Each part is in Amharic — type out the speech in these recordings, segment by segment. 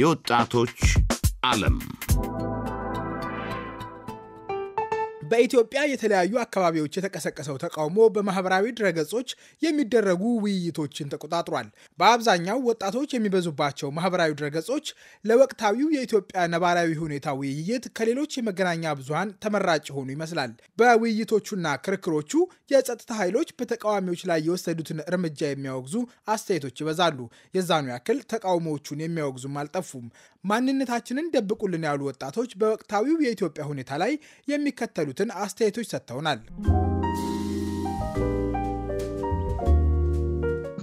የወጣቶች ዓለም በኢትዮጵያ የተለያዩ አካባቢዎች የተቀሰቀሰው ተቃውሞ በማህበራዊ ድረገጾች የሚደረጉ ውይይቶችን ተቆጣጥሯል። በአብዛኛው ወጣቶች የሚበዙባቸው ማህበራዊ ድረገጾች ለወቅታዊው የኢትዮጵያ ነባራዊ ሁኔታ ውይይት ከሌሎች የመገናኛ ብዙሃን ተመራጭ የሆኑ ይመስላል። በውይይቶቹና ክርክሮቹ የጸጥታ ኃይሎች በተቃዋሚዎች ላይ የወሰዱትን እርምጃ የሚያወግዙ አስተያየቶች ይበዛሉ። የዛኑ ያክል ተቃውሞዎቹን የሚያወግዙም አልጠፉም። ማንነታችንን ደብቁልን ያሉ ወጣቶች በወቅታዊው የኢትዮጵያ ሁኔታ ላይ የሚከተሉትን አስተያየቶች ሰጥተውናል።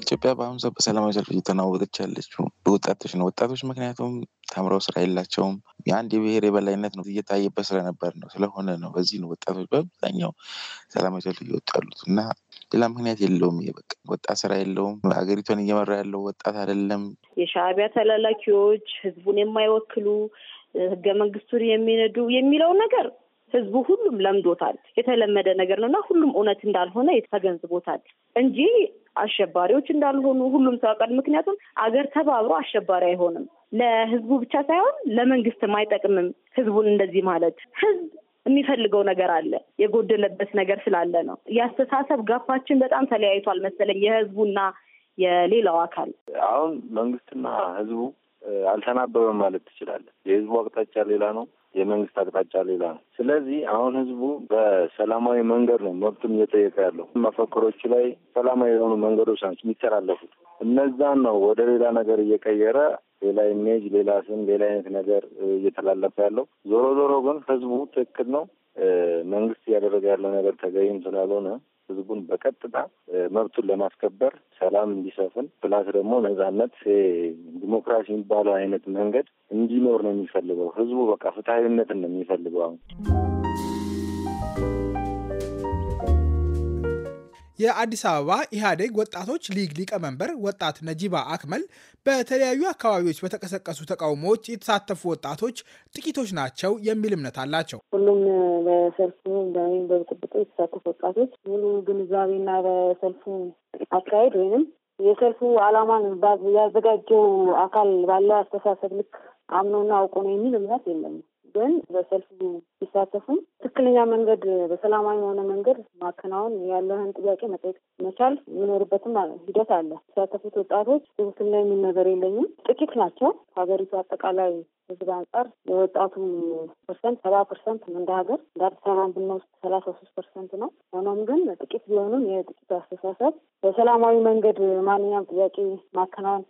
ኢትዮጵያ በአሁኑ ሰዓት በሰላማዊ ሰልፍ እየተናወጠች ያለችው በወጣቶች ነው። ወጣቶች ምክንያቱም ተምረው ስራ የላቸውም። የአንድ የብሔር የበላይነት ነው እየታየበት ስለነበር ነው ስለሆነ ነው። በዚህ ነው ወጣቶች በአብዛኛው ሰላማዊ ሰልፍ እየወጡ ያሉት እና ሌላ ምክንያት የለውም። በቃ ወጣት ስራ የለውም። ሀገሪቷን እየመራ ያለው ወጣት አይደለም። የሻቢያ ተላላኪዎች ህዝቡን የማይወክሉ ህገ መንግስቱን የሚነዱ የሚለው ነገር ህዝቡ ሁሉም ለምዶታል። የተለመደ ነገር ነው እና ሁሉም እውነት እንዳልሆነ ተገንዝቦታል እንጂ አሸባሪዎች እንዳልሆኑ ሁሉም ታውቃል። ምክንያቱም አገር ተባብሮ አሸባሪ አይሆንም። ለህዝቡ ብቻ ሳይሆን ለመንግስትም አይጠቅምም ህዝቡን እንደዚህ ማለት ህዝብ የሚፈልገው ነገር አለ። የጎደለበት ነገር ስላለ ነው። የአስተሳሰብ ጋፋችን በጣም ተለያይቷል መሰለኝ የህዝቡና የሌላው አካል። አሁን መንግስትና ህዝቡ አልተናበበም ማለት ትችላለን። የህዝቡ አቅጣጫ ሌላ ነው፣ የመንግስት አቅጣጫ ሌላ ነው። ስለዚህ አሁን ህዝቡ በሰላማዊ መንገድ ነው መብቱም እየጠየቀ ያለው። መፈክሮቹ ላይ ሰላማዊ የሆኑ መንገዶች ናቸው የሚተላለፉት። እነዛን ነው ወደ ሌላ ነገር እየቀየረ ሌላ ኢሜጅ፣ ሌላ ስም፣ ሌላ አይነት ነገር እየተላለፈ ያለው። ዞሮ ዞሮ ግን ህዝቡ ትክክል ነው መንግስት እያደረገ ያለው ነገር ተገይም ስላልሆነ ህዝቡን በቀጥታ መብቱን ለማስከበር ሰላም እንዲሰፍን ፕላስ ደግሞ ነጻነት፣ ዲሞክራሲ የሚባለው አይነት መንገድ እንዲኖር ነው የሚፈልገው ህዝቡ። በቃ ፍትሀዊነትን ነው የሚፈልገው አሁን የአዲስ አበባ ኢህአዴግ ወጣቶች ሊግ ሊቀመንበር ወጣት ነጂባ አክመል በተለያዩ አካባቢዎች በተቀሰቀሱ ተቃውሞዎች የተሳተፉ ወጣቶች ጥቂቶች ናቸው የሚል እምነት አላቸው። ሁሉም በሰልፉ ወይም በብጥብጡ የተሳተፉ ወጣቶች ሙሉ ግንዛቤና በሰልፉ አካሄድ ወይንም የሰልፉ ዓላማን ያዘጋጀው አካል ባለው አስተሳሰብ ልክ አምኖና አውቆ ነው የሚል እምነት የለም። ግን በሰልፉ ሲሳተፉም ትክክለኛ መንገድ በሰላማዊ የሆነ መንገድ ማከናወን ያለህን ጥያቄ መጠየቅ መቻል የሚኖርበትም ሂደት አለ። ሲሳተፉት ወጣቶች ትክክል ላይ የሚል ነገር የለኝም። ጥቂት ናቸው። ከሀገሪቱ አጠቃላይ ህዝብ አንጻር የወጣቱ ፐርሰንት ሰባ ፐርሰንት እንደ ሀገር እንደ አዲስ አበባን ብንወስድ ሰላሳ ሶስት ፐርሰንት ነው። ሆኖም ግን ጥቂት ቢሆኑም የጥቂቱ አስተሳሰብ በሰላማዊ መንገድ ማንኛውም ጥያቄ ማከናወን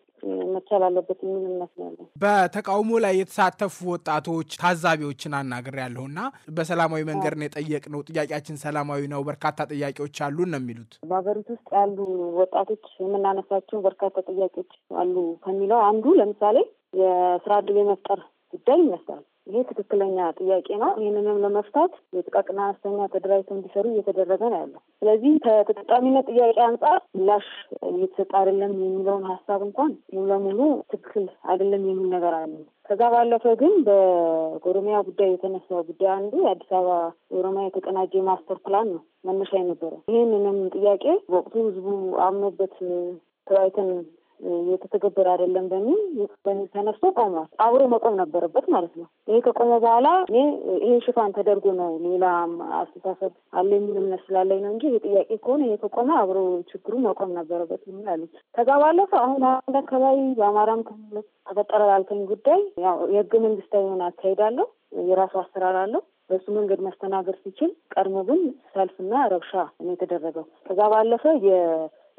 መቻል አለበት የሚል እምነት ነው ያለን። በተቃውሞ ላይ የተሳተፉ ወጣቶች ታዛቢዎችን አናግሬያለሁና በሰላማዊ መንገድ ነው የጠየቅነው፣ ጥያቄያችን ሰላማዊ ነው፣ በርካታ ጥያቄዎች አሉን ነው የሚሉት። በሀገሪቱ ውስጥ ያሉ ወጣቶች የምናነሳቸው በርካታ ጥያቄዎች አሉ ከሚለው አንዱ ለምሳሌ የስራ እድል የመፍጠር ጉዳይ ይመስላል። ይሄ ትክክለኛ ጥያቄ ነው። ይህንንም ለመፍታት የጥቃቅና አነስተኛ ተደራጅተው እንዲሰሩ እየተደረገ ነው ያለው። ስለዚህ ከተጠቃሚነት ጥያቄ አንጻር ምላሽ እየተሰጠ አይደለም የሚለውን ሀሳብ እንኳን ሙሉ ለሙሉ ትክክል አይደለም የሚል ነገር አለ። ከዛ ባለፈ ግን በኦሮሚያ ጉዳይ የተነሳ ጉዳይ አንዱ የአዲስ አበባ ኦሮሚያ የተቀናጀ ማስተር ፕላን ነው መነሻ የነበረው። ይህንንም ጥያቄ ወቅቱ ህዝቡ አምኖበት ተወያይተን የተተገበረ አይደለም በሚል ተነሶ ተነስቶ ቆሟል። አብሮ መቆም ነበረበት ማለት ነው። ይሄ ከቆመ በኋላ እኔ ይሄ ሽፋን ተደርጎ ነው ሌላ አስተሳሰብ አለ የሚል እምነት ስላለኝ ነው እንጂ ይሄ ጥያቄ ከሆነ ይሄ ከቆመ አብሮ ችግሩ መቆም ነበረበት የሚል አሉ። ከዛ ባለፈ አሁን አንድ አካባቢ በአማራም ክልል ተፈጠረ ላልከኝ ጉዳይ ያው የህገ መንግስታዊ የሆነ አካሄድ አለው። የራሱ አሰራር አለው። በሱ መንገድ ማስተናገድ ሲችል ቀድሞ ግን ሰልፍና ረብሻ ነው የተደረገው። ከዛ ባለፈ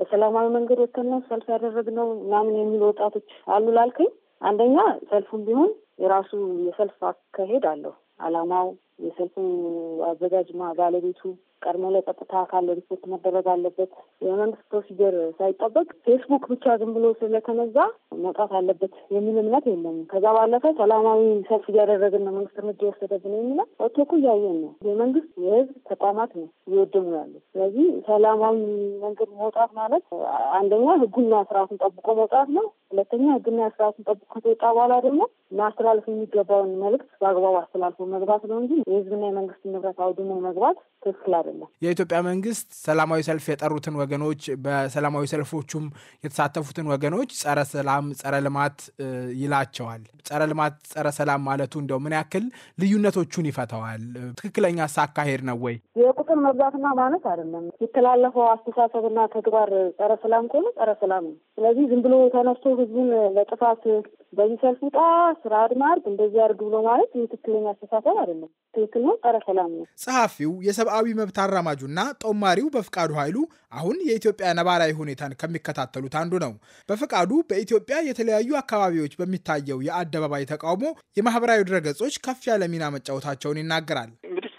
በሰላማዊ መንገድ ወተን ነው ሰልፍ ያደረግነው ምናምን የሚሉ ወጣቶች አሉ ላልከኝ፣ አንደኛ ሰልፉም ቢሆን የራሱ የሰልፍ አካሄድ አለው። አላማው የሰልፉ አዘጋጅ ባለቤቱ ቀድሞ ላይ ለጸጥታ አካል ሪፖርት መደረግ አለበት። የመንግስት ፕሮሲጀር ሳይጠበቅ ፌስቡክ ብቻ ዝም ብሎ ስለተነዛ መውጣት አለበት የሚል እምነት የለም። ከዛ ባለፈ ሰላማዊ ሰልፍ እያደረግን ነው መንግስት እርምጃ የወሰደብን የሚለው ወጥቶ እኮ እያየን ነው። የመንግስት የህዝብ ተቋማት ነው እየወደሙ ያሉ። ስለዚህ ሰላማዊ መንገድ መውጣት ማለት አንደኛ ህጉና ስርዓቱን ጠብቆ መውጣት ነው። ሁለተኛ ህግና ስርዓቱን ጠብቆ ከተወጣ በኋላ ደግሞ ማስተላለፍ የሚገባውን መልእክት በአግባቡ አስተላልፎ መግባት ነው እንጂ የህዝብና የመንግስት ንብረት አውድሞ መግባት ትክክል አይደለም። የኢትዮጵያ መንግስት ሰላማዊ ሰልፍ የጠሩትን ወገኖች በሰላማዊ ሰልፎቹም የተሳተፉትን ወገኖች ጸረ ሰላም፣ ጸረ ልማት ይላቸዋል። ጸረ ልማት፣ ጸረ ሰላም ማለቱ እንደው ምን ያክል ልዩነቶቹን ይፈተዋል? ትክክለኛ አካሄድ ነው ወይ? የቁጥር መብዛትና ማነት አይደለም። የተላለፈው አስተሳሰብና ተግባር ጸረ ሰላም ከሆነ ጸረ ሰላም ነው። ስለዚህ ዝም ብሎ ተነስቶ ህዝቡን ለጥፋት በዚህ ሰልፍ ውጣ፣ ስራ አድማ አድርግ፣ እንደዚህ አድርግ ብሎ ማለት ትክክለኛ አስተሳሰብ አይደለም። ትክክል ጸረ ሰላም ነው። ጸሐፊው የሰብአዊ መብት አራማጁና ጦማሪው በፍቃዱ ኃይሉ አሁን የኢትዮጵያ ነባራዊ ሁኔታን ከሚከታተሉት አንዱ ነው። በፍቃዱ በኢትዮጵያ የተለያዩ አካባቢዎች በሚታየው የአደባባይ ተቃውሞ የማህበራዊ ድረገጾች ከፍ ያለ ሚና መጫወታቸውን ይናገራል።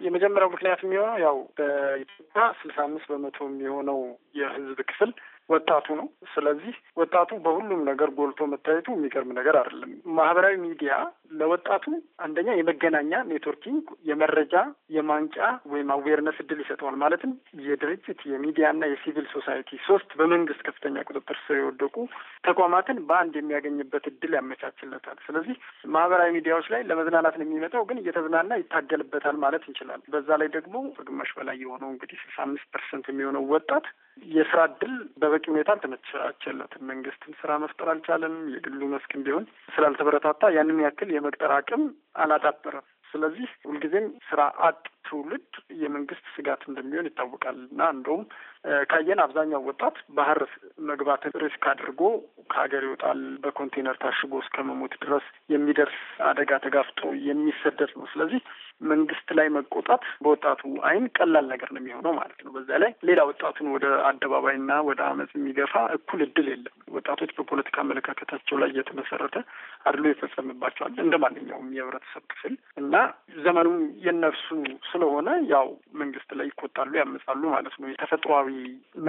የመጀመሪያው ምክንያት የሚሆነው ያው በኢትዮጵያ ስልሳ አምስት በመቶ የሚሆነው የህዝብ ክፍል ወጣቱ ነው። ስለዚህ ወጣቱ በሁሉም ነገር ጎልቶ መታየቱ የሚገርም ነገር አይደለም። ማህበራዊ ሚዲያ ለወጣቱ አንደኛ የመገናኛ ኔትወርኪንግ፣ የመረጃ የማንጫ ወይም አዌርነስ እድል ይሰጠዋል። ማለትም የድርጅት የሚዲያና የሲቪል ሶሳይቲ ሶስት በመንግስት ከፍተኛ ቁጥጥር ስር የወደቁ ተቋማትን በአንድ የሚያገኝበት እድል ያመቻችለታል። ስለዚህ ማህበራዊ ሚዲያዎች ላይ ለመዝናናት ነው የሚመጣው፣ ግን እየተዝናና ይታገልበታል ማለት እንችላለን። በዛ ላይ ደግሞ ግማሽ በላይ የሆነው እንግዲህ ስልሳ አምስት ፐርሰንት የሚሆነው ወጣት የስራ እድል በበቂ ሁኔታ አልተመቻቸለትም። መንግስትን ስራ መፍጠር አልቻለም። የግሉ መስክ ቢሆን ስላልተበረታታ ያንን ያክል የመቅጠር አቅም አላዳበረም። ስለዚህ ሁልጊዜም ስራ አጥ ትውልድ የመንግስት ስጋት እንደሚሆን ይታወቃል እና እንደውም ካየን አብዛኛው ወጣት ባህር መግባት ሪስክ አድርጎ ከሀገር ይወጣል። በኮንቴነር ታሽጎ እስከ መሞት ድረስ የሚደርስ አደጋ ተጋፍጦ የሚሰደድ ነው። ስለዚህ መንግስት ላይ መቆጣት በወጣቱ አይን ቀላል ነገር ነው የሚሆነው ማለት ነው። በዛ ላይ ሌላ ወጣቱን ወደ አደባባይና ወደ አመፅ የሚገፋ እኩል እድል የለም። ወጣቶች በፖለቲካ አመለካከታቸው ላይ እየተመሰረተ አድሎ ይፈጸምባቸዋል እንደ ማንኛውም የህብረተሰብ ክፍል እና ዘመኑ የነርሱ ስለሆነ ያው መንግስት ላይ ይቆጣሉ፣ ያመጻሉ ማለት ነው። የተፈጥሯዊ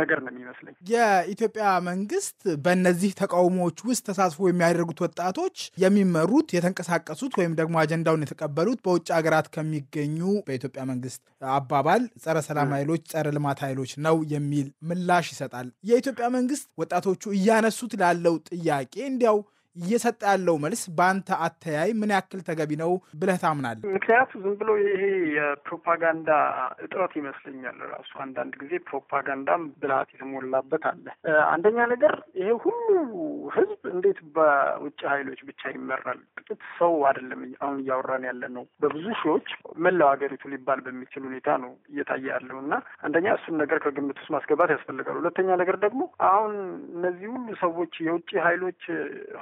ነገር ነው የሚመስለኝ። የኢትዮጵያ መንግስት በእነዚህ ተቃውሞዎች ውስጥ ተሳትፎ የሚያደርጉት ወጣቶች የሚመሩት የተንቀሳቀሱት ወይም ደግሞ አጀንዳውን የተቀበሉት በውጭ ሀገራት ከሚገኙ በኢትዮጵያ መንግስት አባባል ጸረ ሰላም ኃይሎች፣ ጸረ ልማት ኃይሎች ነው የሚል ምላሽ ይሰጣል። የኢትዮጵያ መንግስት ወጣቶቹ እያነሱት ላለው ጥያቄ እንዲያው እየሰጠ ያለው መልስ በአንተ አተያይ ምን ያክል ተገቢ ነው ብለህ ታምናለህ? ምክንያቱ ዝም ብሎ ይሄ የፕሮፓጋንዳ እጥረት ይመስለኛል። ራሱ አንዳንድ ጊዜ ፕሮፓጋንዳም ብልሃት የተሞላበት አለ። አንደኛ ነገር ይሄ ሁሉ ህዝብ እንዴት በውጭ ኃይሎች ብቻ ይመራል? ጥቂት ሰው አይደለም አሁን እያወራን ያለ ነው። በብዙ ሺዎች መላው ሀገሪቱ ሊባል በሚችል ሁኔታ ነው እየታየ ያለው እና አንደኛ እሱን ነገር ከግምት ውስጥ ማስገባት ያስፈልጋል። ሁለተኛ ነገር ደግሞ አሁን እነዚህ ሁሉ ሰዎች የውጭ ኃይሎች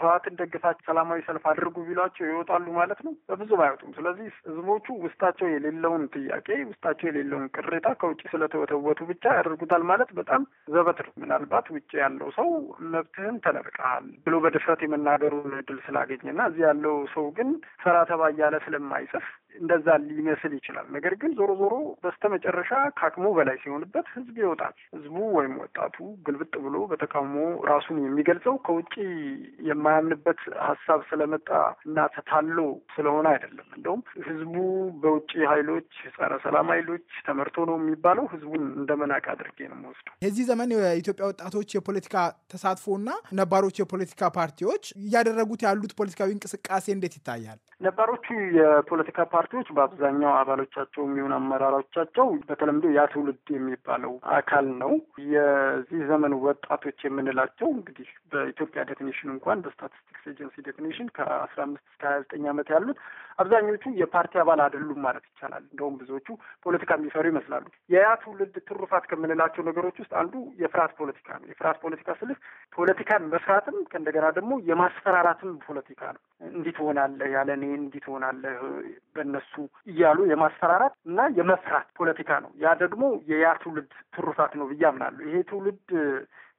ህዋት ህወሓትን ሰላማዊ ሰልፍ አድርጉ ቢሏቸው ይወጣሉ ማለት ነው። በብዙም አይወጡም። ስለዚህ ህዝቦቹ ውስጣቸው የሌለውን ጥያቄ ውስጣቸው የሌለውን ቅሬታ ከውጭ ስለተወተወቱ ብቻ ያደርጉታል ማለት በጣም ዘበት ነው። ምናልባት ውጭ ያለው ሰው መብትህን ተነጥቀሃል ብሎ በድፍረት የመናገሩን እድል ስላገኘና እዚህ ያለው ሰው ግን ሰራ ተባ እያለ ስለማይጽፍ እንደዛ ሊመስል ይችላል። ነገር ግን ዞሮ ዞሮ በስተመጨረሻ ከአቅሙ በላይ ሲሆንበት ህዝብ ይወጣል። ህዝቡ ወይም ወጣቱ ግልብጥ ብሎ በተቃውሞ ራሱን የሚገልጸው ከውጭ የማያምንበት ሀሳብ ስለመጣ እና ተታሎ ስለሆነ አይደለም። እንደውም ህዝቡ በውጭ ኃይሎች ጸረ ሰላም ኃይሎች ተመርቶ ነው የሚባለው ህዝቡን መናቅ አድርጌ ነው የምወስደው። የዚህ ዘመን የኢትዮጵያ ወጣቶች የፖለቲካ ተሳትፎና ነባሮች የፖለቲካ ፓርቲዎች እያደረጉት ያሉት ፖለቲካዊ እንቅስቃሴ እንዴት ይታያል? ነባሮቹ የፖለቲካ ፓርቲዎች በአብዛኛው አባሎቻቸው የሚሆን አመራሮቻቸው በተለምዶ ያ ትውልድ የሚባለው አካል ነው። የዚህ ዘመን ወጣቶች የምንላቸው እንግዲህ በኢትዮጵያ ዴፊኒሽን እንኳን በስታቲስቲክስ ኤጀንሲ ዴፊኒሽን ከአስራ አምስት እስከ ሀያ ዘጠኝ ዓመት ያሉት አብዛኞቹ የፓርቲ አባል አይደሉም ማለት ይቻላል። እንደውም ብዙዎቹ ፖለቲካ የሚፈሩ ይመስላሉ። የያ ትውልድ ትሩፋት ከምንላቸው ነገሮች ውስጥ አንዱ የፍርሃት ፖለቲካ ነው። የፍርሃት ፖለቲካ ስልህ ፖለቲካን መስራትም ከእንደገና ደግሞ የማስፈራራትም ፖለቲካ ነው። እንዲህ ትሆናለህ ያለ እኔ እንዲህ ትሆናለህ በእነሱ እያሉ የማስፈራራት እና የመፍራት ፖለቲካ ነው። ያ ደግሞ የያ ትውልድ ትሩፋት ነው ብዬ አምናለሁ። ይሄ ትውልድ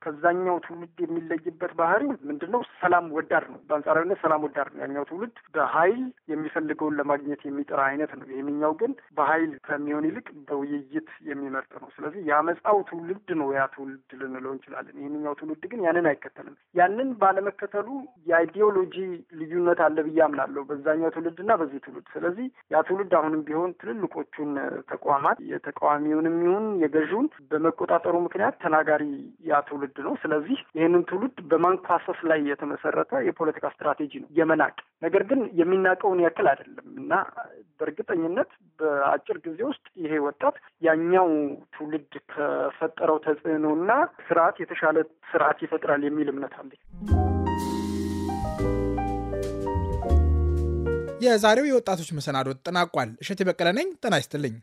ከዛኛው ትውልድ የሚለይበት ባህሪ ምንድን ነው? ሰላም ወዳድ ነው። በአንጻራዊነት ሰላም ወዳድ ነው። ያኛው ትውልድ በኃይል የሚፈልገውን ለማግኘት የሚጥር አይነት ነው። ይህኛው ግን በኃይል ከሚሆን ይልቅ በውይይት የሚመርጥ ነው። ስለዚህ የአመፃው ትውልድ ነው ያ ትውልድ ልንለው እንችላለን። ይህኛው ትውልድ ግን ያንን አይከተልም። ያንን ባለመከተሉ የአይዲዮሎጂ ልዩነት አለ ብዬ አምናለሁ በዛኛው ትውልድ እና በዚህ ትውልድ። ስለዚህ ያ ትውልድ አሁንም ቢሆን ትልልቆቹን ተቋማት የተቃዋሚውንም ይሁን የገዥውን በመቆጣጠሩ ምክንያት ተናጋሪ ያ ትውልድ ትውልድ ነው። ስለዚህ ይህንን ትውልድ በማንኳሰስ ላይ የተመሰረተ የፖለቲካ ስትራቴጂ ነው የመናቅ ነገር ግን የሚናቀውን ያክል አይደለም እና በእርግጠኝነት በአጭር ጊዜ ውስጥ ይሄ ወጣት ያኛው ትውልድ ከፈጠረው ተጽዕኖና ስርዓት የተሻለ ስርዓት ይፈጥራል የሚል እምነት አለኝ። የዛሬው የወጣቶች መሰናዶ ተጠናቋል። እሸት የበቀለ ነኝ። ጤና ይስጥልኝ።